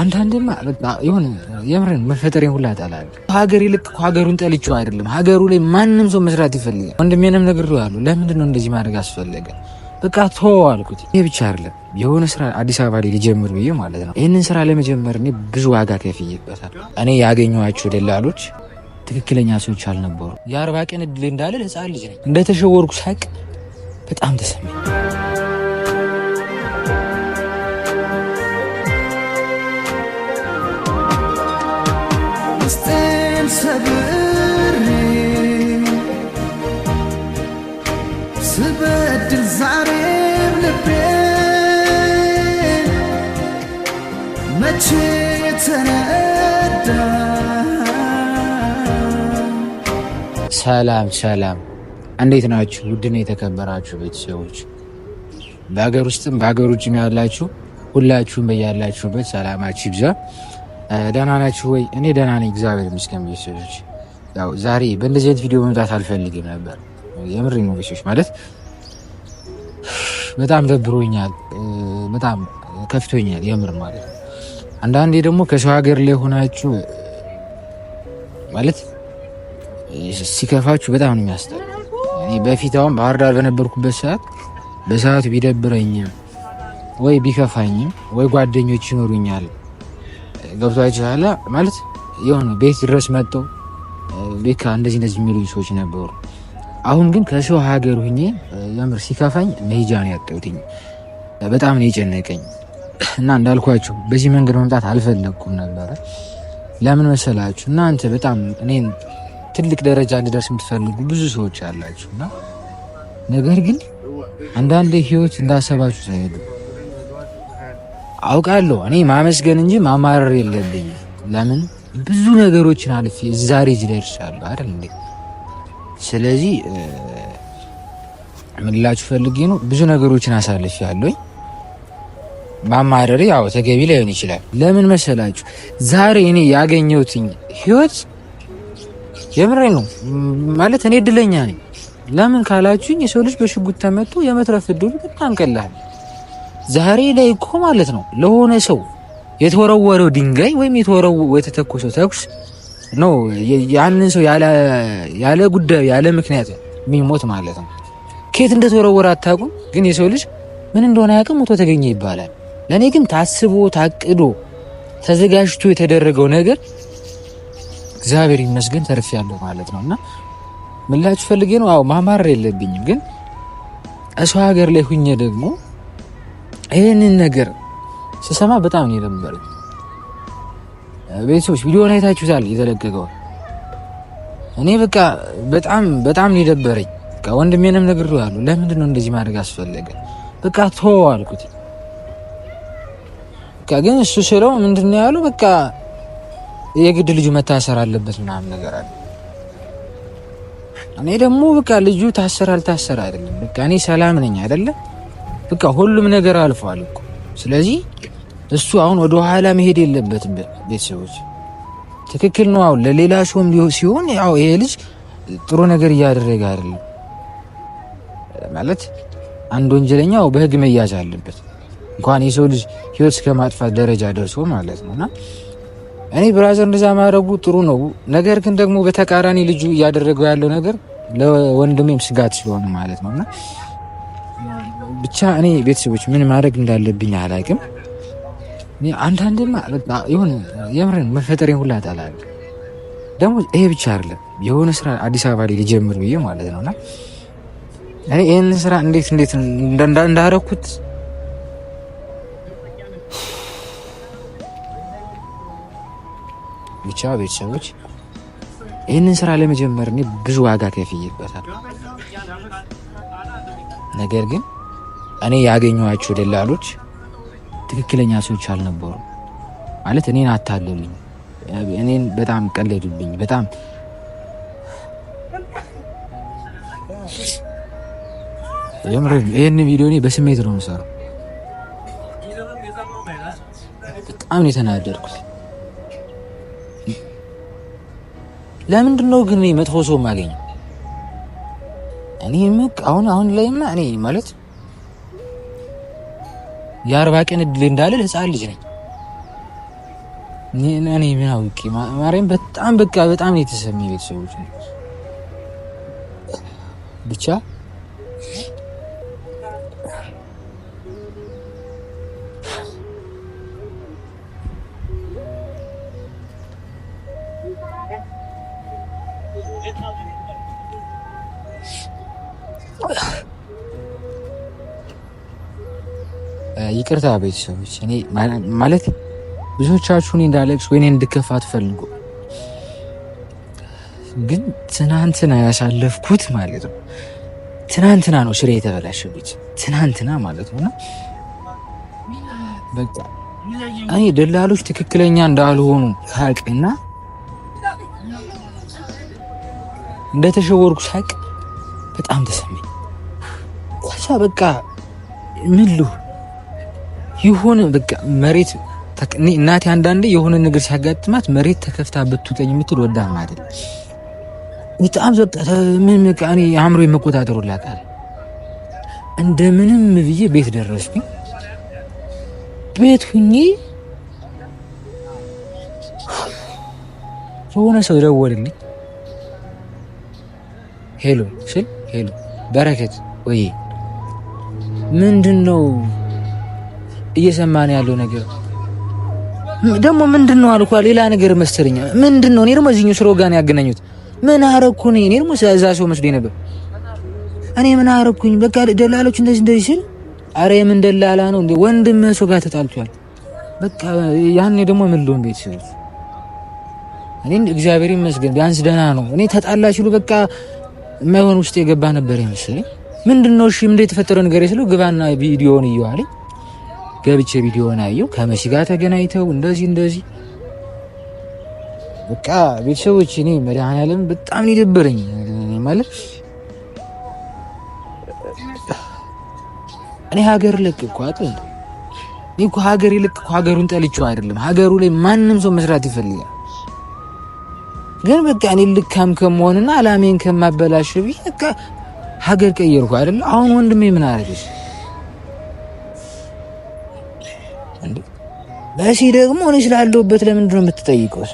አንዳንዴማ በቃ የሆነ የምርን መፈጠር ሁላ እጠላለሁ። ሀገር ይልቅ ሀገሩን ጠልቹ አይደለም፣ ሀገሩ ላይ ማንም ሰው መስራት ይፈልጋል። ወንድሜንም ነግሬዋለሁ። ለምንድን ነው እንደዚህ ማድረግ አስፈለገ? በቃ ተወው አልኩት። ይሄ ብቻ አይደለም፣ የሆነ ስራ አዲስ አበባ ላይ ሊጀምር ብዬ ማለት ነው። ይህንን ስራ ለመጀመር እኔ ብዙ ዋጋ ከፍይበታል። እኔ ያገኘኋቸው ደላሎች ትክክለኛ ሰዎች አልነበሩ። የአርባ ቀን እድል እንዳለ ህፃን ልጅ ነኝ። እንደተሸወርኩ ሳቅ በጣም ተሰማኝ። ሰላም ሰላም፣ እንዴት ናችሁ? ውድን የተከበራችሁ ቤተሰቦች በሀገር ውስጥም በሀገር ውጭም ያላችሁ ሁላችሁም በያላችሁበት ሰላማችሁ ይብዛ። ደህና ናችሁ ወይ? እኔ ደህና ነኝ፣ እግዚአብሔር ይመስገን። ቤተሰቦች ያው ዛሬ በእንደዚህ አይነት ቪዲዮ መምጣት አልፈልግም ነበር። የምር ነው ቤተሰቦች፣ ማለት በጣም ደብሮኛል፣ በጣም ከፍቶኛል፣ የምር ማለት ነው። አንዳንዴ ደግሞ ከሰው ሀገር ላይ ሆናችሁ ማለት ሲከፋችሁ በጣም ነው የሚያስጠላ። እኔ በፊት አሁን ባህር ዳር በነበርኩበት ሰዓት በሰዓቱ ቢደብረኝም ወይ ቢከፋኝም ወይ ጓደኞች ይኖሩኛል ገብቷችሁ ኋላ ማለት የሆነ ቤት ድረስ መጥተው ቤካ እንደዚህ እንደዚህ የሚሉኝ ሰዎች ነበሩ። አሁን ግን ከሰው ሀገር ሁኜ የምር ሲከፋኝ መሄጃ ነው ያጠውትኝ። በጣም ነው የጨነቀኝ እና እንዳልኳቸው በዚህ መንገድ መምጣት አልፈለግኩም ነበረ። ለምን መሰላችሁ እናንተ በጣም እኔን ትልቅ ደረጃ እንዲደርስ የምትፈልጉ ብዙ ሰዎች ያላችሁ እና ነገር ግን አንዳንድ ህይወት እንዳሰባችሁ ሳይሄዱ አውቃለሁ። እኔ ማመስገን እንጂ ማማረር የለብኝ። ለምን ብዙ ነገሮችን አልፌ ዛሬ ደርሻለሁ አይደል እንዴ? ስለዚህ ምላችሁ ላችሁ ፈልጌ ነው፣ ብዙ ነገሮችን አሳልፍ ያለኝ ማማረር ያው ተገቢ ላይሆን ይችላል። ለምን መሰላችሁ ዛሬ እኔ ያገኘሁትኝ ህይወት የምሬ ነው ማለት እኔ እድለኛ ነኝ። ለምን ካላችሁኝ የሰው ልጅ በሽጉጥ ተመቶ የመትረፍ እድሉ በጣም ቀላል። ዛሬ ላይ እኮ ማለት ነው ለሆነ ሰው የተወረወረው ድንጋይ ወይም የተወረወረው የተተኮሰው ተኩስ ነው ያንን ሰው ያለ ጉዳዩ ያለ ምክንያት የሚሞት ማለት ነው። ከየት እንደተወረወረ አታውቁም፣ ግን የሰው ልጅ ምን እንደሆነ አያውቅም፣ ሞቶ ተገኘ ይባላል። ለእኔ ግን ታስቦ ታቅዶ ተዘጋጅቶ የተደረገው ነገር እግዚአብሔር ይመስገን ተርፌያለሁ ማለት ነው። እና ምን ላችሁ ፈልጌ ነው? አዎ ማማረር የለብኝም ግን እሱ ሀገር ላይ ሁኜ ደግሞ ይህንን ነገር ስሰማ በጣም ነው የደበረኝ። ቤተሰቦች ቪዲዮን አይታችሁታል የተለቀቀው። እኔ በቃ በጣም በጣም ነው የደበረኝ። ወንድሜንም ነግሬዋለሁ። ለምንድን ነው እንደዚህ ማድረግ አስፈለገ? በቃ ተወው አልኩት። በቃ ግን እሱ ስለው ምንድን ነው ያለው በቃ የግድ ልጁ መታሰር አለበት ምናምን ነገር አለ። እኔ ደግሞ በቃ ልጁ ታሰር አልታሰር አይደለም፣ በቃ እኔ ሰላም ነኝ አይደለ? በቃ ሁሉም ነገር አልፏል እኮ። ስለዚህ እሱ አሁን ወደ ኋላ መሄድ የለበትም። ቤተሰቦች ትክክል ነው። አሁን ለሌላ ሰውም ሲሆን ያው ይሄ ልጅ ጥሩ ነገር እያደረገ አይደለም ማለት አንድ ወንጀለኛው በህግ መያዝ አለበት እንኳን የሰው ልጅ ህይወት እስከ ማጥፋት ደረጃ ደርሶ ማለት ነውና እኔ ብራዘር እንደዛ ማድረጉ ጥሩ ነው። ነገር ግን ደግሞ በተቃራኒ ልጁ እያደረገው ያለው ነገር ለወንድሜም ስጋት ስለሆነ ማለት ነው እና ብቻ እኔ ቤተሰቦች ምን ማድረግ እንዳለብኝ አላቅም። አንዳንድማ ሆነ የምርን መፈጠሬን ሁላ ጣላለ። ደግሞ ይሄ ብቻ አይደለም የሆነ ስራ አዲስ አበባ ላይ ሊጀምር ብዬ ማለት ነውና እኔ ይህንን ስራ እንዴት እንዴት እንዳረኩት ብቻ ቤተሰቦች ይህንን ስራ ለመጀመር እኔ ብዙ ዋጋ ከፍዬበታል። ነገር ግን እኔ ያገኘኋቸው ደላሎች ትክክለኛ ሰዎች አልነበሩ። ማለት እኔን አታለሉኝ፣ እኔን በጣም ቀለዱብኝ። በጣም ይህን ቪዲዮ እኔ በስሜት ነው የምሰራው። በጣም ነው የተናደድኩት። ለምንድን ነው ግን መጥፎ ሰው የማገኘው? እኔ ምቅ አሁን አሁን ላይማ እኔ ማለት የአርባ ቀን እድል እንዳለ ህፃን ልጅ ነኝ እኔ ምን አውቄ ማርያም፣ በጣም በቃ በጣም የተሰሚ ቤተሰቦች ብቻ ይቅርታ ቤተሰቦች፣ እኔ ማለት ብዙዎቻችሁን እንዳለቅስ ወይኔ እንድከፋ አትፈልጉ፣ ግን ትናንትና ያሳለፍኩት ማለት ነው ትናንትና ነው ስራ የተበላሸብኝ ትናንትና ማለት ነው። እና በቃ እኔ ደላሎች ትክክለኛ እንዳልሆኑ ካቅና እንደተሸወርኩ ሳቅ በጣም ተሰማኝ። ከዛ በቃ ምሉ የሆነ በቃ መሬት እናቴ አንዳንዴ የሆነ ነገር ሲያጋጥማት መሬት ተከፍታ ብትውጠኝ የምትል ወዳ ማለት በጣም ምን አእምሮ የመቆጣጠሩ ላቃል እንደምንም ብዬ ቤት ደረስኩኝ። ቤት ሁኜ የሆነ ሰው ደወልልኝ። ሄሎ ስል ሄሎ በረከት ወይ ምንድን ነው እየሰማን ያለው ነገር ደግሞ ምንድን ነው አልኳ። ሌላ ነገር መሰለኝ። ምንድን ነው እኔ ደግሞ እዚህኛው ስራው ጋር ነው ያገናኙት። ምን አረኩኝ እኔ እኔ ደግሞ እዛ ሰው መስሎኝ ነበር። እኔ ምን አረኩኝ? በቃ ደላሎች እንደዚህ እንደዚህ ሲል፣ አረ የምን ደላላ ነው እንዴ? ወንድም ሰው ጋር ተጣልቷል። በቃ ያኔ ደግሞ ምን ልሆን ቤት እኔ እግዚአብሔር ይመስገን ቢያንስ ደህና ነው። እኔ ተጣላ ሲሉ በቃ መሆን ውስጥ የገባ ነበር መሰለኝ። ምንድን ነው እሺ፣ ምንድን የተፈጠረ ነገር ስለው ግባና ቪዲዮን እየዋለኝ ገብቼ ቪዲዮን አየው። ከመሲ ጋር ተገናኝተው እንደዚህ እንደዚህ በቃ ቤተሰቦች፣ እኔ መድኃኒዓለም በጣም ይደብረኝ ማለት እኔ ሀገር ለቅኩ አይደል? እኔ እኮ ሀገር የለቅኩ ሀገሩን ጠልቼው አይደለም። ሀገሩ ላይ ማንም ሰው መስራት ይፈልጋል። ግን በቃ እኔ ልካም ከመሆንና አላሜን ከማበላሽ ብዬ በቃ ሀገር ቀየርኩ አይደለ? አሁን ወንድሜ ምን አረገሽ? በሲ ደግሞ እኔ ስላለሁበት ለምንድን ነው የምትጠይቀው?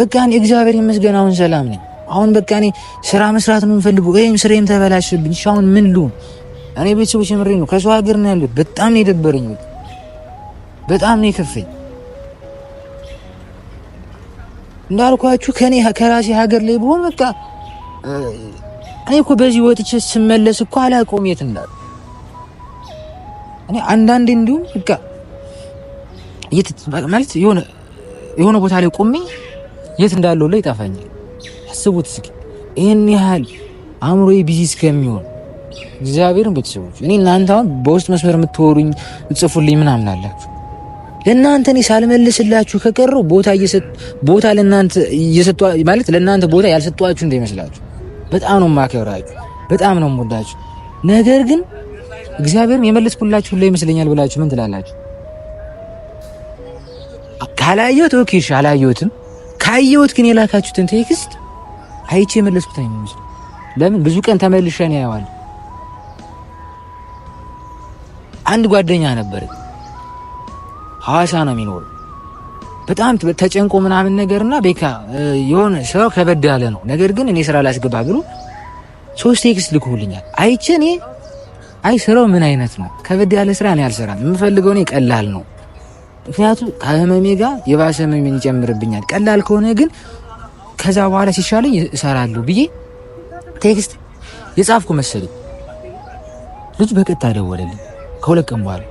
በቃ እኔ እግዚአብሔር ይመስገን አሁን ሰላም ነኝ። አሁን በቃ እኔ ስራ መስራት ነው የምፈልገው። ይሄም ስራዬም ተበላሽብኝ። አሁን ምን ልሁን? እኔ ቤተሰቦች የምሬ ነው ከሰው ሀገር ነው ያለሁት። በጣም ነው የደበረኝ። በጣም ነው የከፈኝ። እንዳልኳችሁ ከኔ ከራሴ ሀገር ላይ ብሆን በቃ እኔ እኮ በዚህ ወጥቼ ስመለስ እኮ አላውቀውም የት እንዳለ። እኔ አንዳንዴ እንዲሁም በቃ የት ማለት የሆነ ቦታ ላይ ቆሜ የት እንዳለው ላይ ይጠፋኛል። አስቡት እስኪ ይህን ያህል አእምሮ ቢዚ እስከሚሆን እግዚአብሔርን ቤተሰቦች እኔ እናንተ አሁን በውስጥ መስመር የምትወሩኝ ጽፉልኝ ምናምን አላችሁ ለእናንተ እኔ ሳልመልስላችሁ ከቀረው ቦታ ቦታ ለእናንተ እየሰጧ ማለት ለእናንተ ቦታ ያልሰጧችሁ እንዳይመስላችሁ። በጣም ነው የማከብራችሁ፣ በጣም ነው የምወዳችሁ። ነገር ግን እግዚአብሔርን የመለስኩላችሁ ሁላ ይመስለኛል ብላችሁ ምን ትላላችሁ? ካላየሁት ኦኬ እሺ፣ አላየሁትም። ካየሁት ግን የላካችሁትን ቴክስት አይቼ የመለስኩት ነው የሚመስለው። ለምን ብዙ ቀን ተመልሼ ነው ያየዋለሁ። አንድ ጓደኛ ነበር ሐዋሳ ነው የሚኖረው። በጣም ተጨንቆ ምናምን ነገርና ቤካ የሆነ ስራው ከበድ ያለ ነው። ነገር ግን እኔ ስራ ላስገባ ብሎ ሶስት ቴክስት ልኮልኛል። አይቼ እኔ አይ ስራው ምን አይነት ነው? ከበድ ያለ ስራ እኔ አልሰራም። የምፈልገው እኔ ቀላል ነው። ምክንያቱም ከህመሜ ጋር የባሰ ህመሜን ይጨምርብኛል። ቀላል ከሆነ ግን ከዛ በኋላ ሲሻለኝ እሰራለሁ ብዬ ቴክስት የጻፍኩ መሰለኝ። ልጁ በቀጥታ ደወለልኝ ከሁለት ቀን በኋላ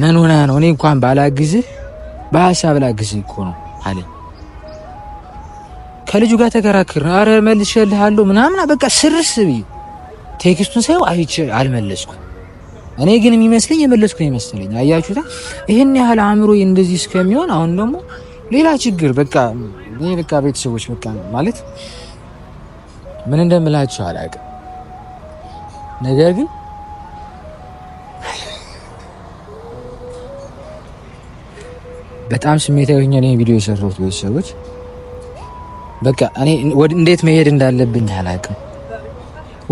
ምን ሆነ ነው? እኔ እንኳን ባላግዝ በሀሳብ ላግዝ እኮ ነው አለ። ከልጁ ጋር ተከራክር፣ አረ መልሼልሃለሁ ምናምን በቃ ስርስ ብዬ ቴክስቱን ሳይው አይቼ አልመለስኩም። እኔ ግን የሚመስለኝ የመለስኩ ነው ይመስለኝ። አያችሁታ ይህን ያህል አእምሮ እንደዚህ እስከሚሆን አሁን ደግሞ ሌላ ችግር በቃ እኔ በቃ ቤተሰቦች በቃ ማለት ምን እንደምላችሁ አላውቅም ነገር ግን በጣም ስሜታዊ ሆኜ ነው ቪዲዮ የሰራሁት። ቤተሰቦች በቃ እኔ እንዴት መሄድ እንዳለብኝ አላውቅም።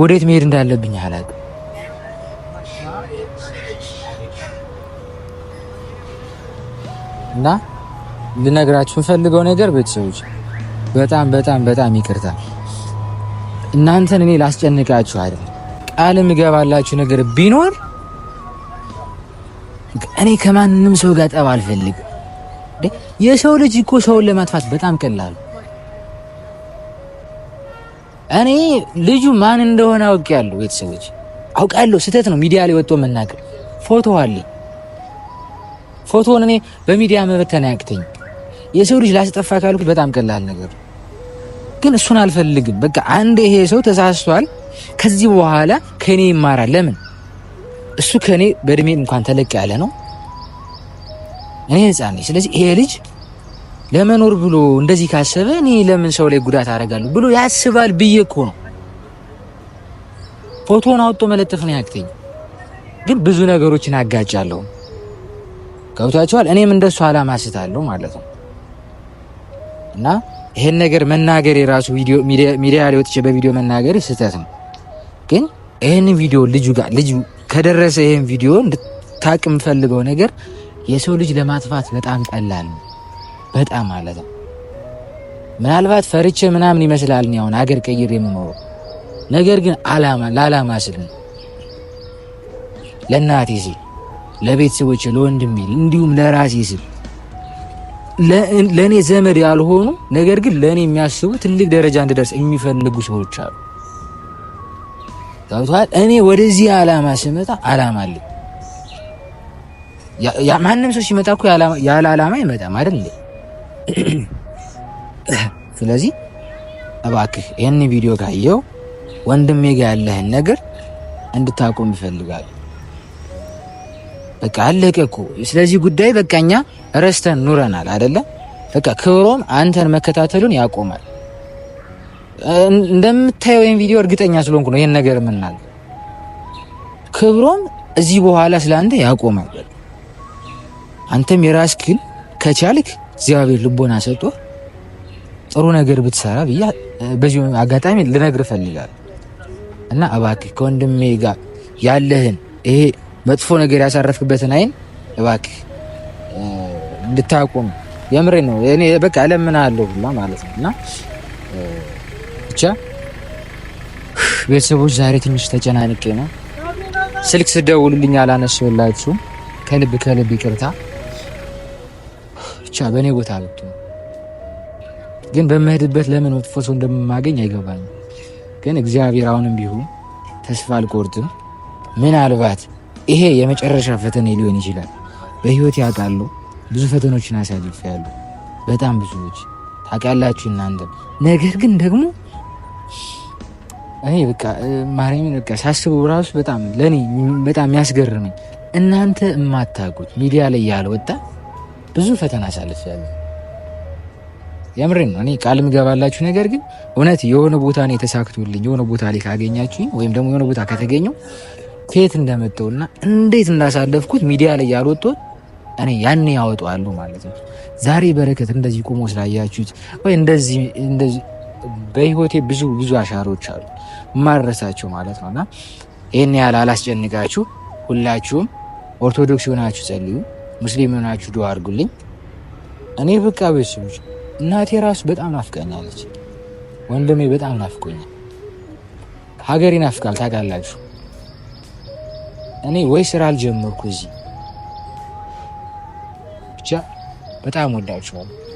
ወዴት መሄድ እንዳለብኝ አላውቅም። እና ልነግራችሁ ፈልገው ነገር ቤተሰቦች በጣም በጣም በጣም ይቅርታ እናንተን እኔ ላስጨንቃችሁ አይደል ቃል የምገባላችሁ ነገር ቢኖር እኔ ከማንም ሰው ጋር ጠብ አልፈልግም። የሰው ልጅ እኮ ሰውን ለማጥፋት በጣም ቀላል። እኔ ልጁ ማን እንደሆነ አውቄያለሁ። ቤተሰቦች አውቃለሁ። ስህተት ነው ሚዲያ ላይ ወጥቶ መናገር። ፎቶ አለ። ፎቶውን እኔ በሚዲያ መበተን ያቅተኝ። የሰው ልጅ ላስጠፋ ካልኩት በጣም ቀላል ነገር ግን እሱን አልፈልግም። በቃ አንድ ይሄ ሰው ተሳስቷል፣ ከዚህ በኋላ ከኔ ይማራል። ለምን እሱ ከኔ በእድሜ እንኳን ተለቅ ያለ ነው። እኔ ህፃን ነኝ። ስለዚህ ይሄ ልጅ ለመኖር ብሎ እንደዚህ ካሰበ እኔ ለምን ሰው ላይ ጉዳት አደርጋለሁ ብሎ ያስባል ብዬ እኮ ነው። ፎቶን አውጥቶ መለጠፍ ነው ያክተኝ፣ ግን ብዙ ነገሮችን አጋጫለሁ። ገብቷቸዋል። እኔም እንደሱ አላማ ስታለሁ ማለት ነው እና ይሄን ነገር መናገር የራሱ ቪዲዮ ሚዲያ ላይ ወጥቼ በቪዲዮ መናገር ስህተት ነው። ግን ይህን ቪዲዮ ልጁ ጋር ልጁ ከደረሰ ይህን ቪዲዮ እንድታቅ የምፈልገው ነገር የሰው ልጅ ለማጥፋት በጣም ቀላል ነው። በጣም ማለት ነው። ምናልባት ፈርቼ ምናምን ይመስላል አሁን አገር ቀይር የምኖረው ነገር ግን አላማ ለአላማ ስል ነው። ለእናቴ ስል፣ ለቤተሰቦቼ፣ ለወንድሜ እንዲሁም ለራሴ ስል ለእኔ ዘመድ ያልሆኑ ነገር ግን ለእኔ የሚያስቡ ትልቅ ደረጃ እንድደርስ የሚፈልጉ ሰዎች አሉ። ገብቶሃል። እኔ ወደዚህ አላማ ስመጣ አላማ አለኝ። ማንም ሰው ሲመጣ እኮ ያለ አላማ ይመጣም አይደል? ስለዚህ እባክህ ይህን ቪዲዮ ካየው ወንድሜ ጋ ያለህን ነገር እንድታቆም ይፈልጋል። በቃ አለቀ እኮ። ስለዚህ ጉዳይ በቃ እኛ ረስተን ኑረናል አይደለ? በቃ ክብሮም አንተን መከታተሉን ያቆማል። እንደምታየው ይህን ቪዲዮ እርግጠኛ ስለሆንኩ ነው ይህን ነገር የምናገር። ክብሮም እዚህ በኋላ ስለአንተ ያቆማል። አንተም የራስ ክል ከቻልክ እግዚአብሔር ልቦና ሰጥቶ ጥሩ ነገር ብትሰራ ብዬ በዚህ አጋጣሚ ልነግር ፈልጋል እና እባክህ ከወንድሜ ጋር ያለህን ይሄ መጥፎ ነገር ያሳረፍክበትን አይን እባክህ እንድታቁም የምሬ ነው። እኔ በቃ እለምናለሁ ሁላ ማለት ነው እና ብቻ ቤተሰቦች ዛሬ ትንሽ ተጨናንቄ ነው። ስልክ ስደውሉልኛ አላነሱላችሁ። ከልብ ከልብ ይቅርታ። ብቻ በእኔ ቦታ ብቱ ግን በምሄድበት ለምን መጥፎ ሰው እንደማገኝ አይገባኝም። ግን እግዚአብሔር አሁንም ቢሆን ተስፋ አልቆርጥም። ምናልባት ይሄ የመጨረሻ ፈተና ሊሆን ይችላል። በህይወት ያውቃሉ ብዙ ፈተኖችን አሳልፍ ያሉ በጣም ብዙዎች ታውቃላችሁ እናንተ። ነገር ግን ደግሞ እኔ በቃ ማርያምን በቃ ሳስበው ራሱ በጣም ለእኔ በጣም ያስገርመኝ እናንተ የማታውቁት ሚዲያ ላይ ያልወጣ ብዙ ፈተና ያለ የምሬን ነው። እኔ ቃል ምገባላችሁ። ነገር ግን እውነት የሆነ ቦታ ነው የተሳክቶልኝ የሆነ ቦታ ላይ ካገኛችሁኝ ወይም ደግሞ የሆነ ቦታ ከተገኘው ከየት እንደመጣውና እንዴት እንዳሳለፍኩት ሚዲያ ላይ ያልወጡት እኔ ያኔ ያወጣዋሉ ማለት ነው። ዛሬ በረከት እንደዚህ ቁሞ ስላያችሁት ወይ እንደዚህ እንደዚህ በህይወቴ ብዙ ብዙ አሻሮች አሉ ማረሳቸው ማለት ነውና ይሄን ያህል አላስጨንቃችሁ። ሁላችሁም ኦርቶዶክስ የሆናችሁ ጸልዩ። ሙስሊም የሆናችሁ ዱዓ አድርጉልኝ። እኔ በቃ ቤተሰቦች እናቴ ራሱ በጣም ናፍቀኛለች። ወንድሜ በጣም ናፍቆኛል። ሀገሬ ናፍቃል ታውቃላችሁ። እኔ ወይ ስራ አልጀመርኩ እዚህ ብቻ በጣም ወዳችኋለሁ።